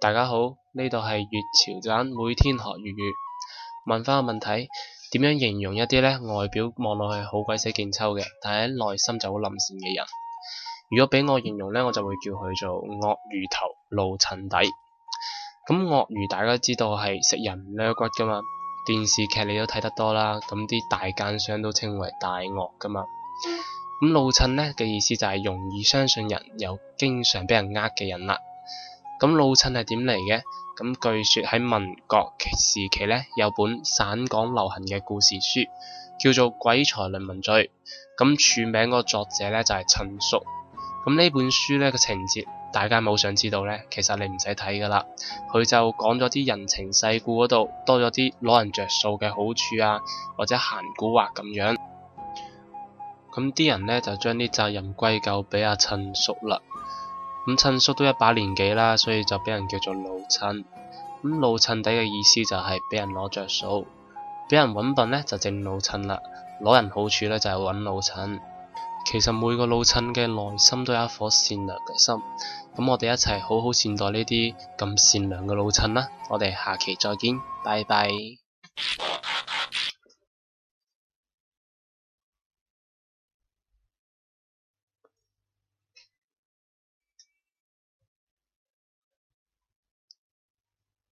大家好，呢度係粵潮棧，每天學粵語。問翻個問題，點樣形容一啲呢，外表望落去好鬼死勁抽嘅，但係喺內心就好冧線嘅人？如果俾我形容呢，我就會叫佢做鱷魚頭老襯底。咁鱷魚大家都知道係食人唔掠骨噶嘛？電視劇你都睇得多啦。咁啲大奸商都稱為大鱷噶嘛？咁老襯呢嘅意思就係容易相信人又經常俾人呃嘅人啦。咁老襯係點嚟嘅？咁據說喺民國時期呢，有本省港流行嘅故事書，叫做《鬼才倫文敘》。咁署名個作者呢，就係陳叔。咁呢本書呢嘅情節，大家冇想知道呢？其實你唔使睇噶啦。佢就講咗啲人情世故嗰度多咗啲攞人着數嘅好處啊，或者閒古話咁樣。咁啲人咧就將啲責任歸咎俾阿陳叔啦。咁陳叔都一把年紀啦，所以就俾人叫做老襯。咁老襯底嘅意思就係俾人攞着數，俾人揾笨咧就正老襯啦。攞人好處咧就係揾老襯。其實每個老襯嘅內心都有一顆善良嘅心。咁我哋一齊好好善待呢啲咁善良嘅老襯啦。我哋下期再見，拜拜。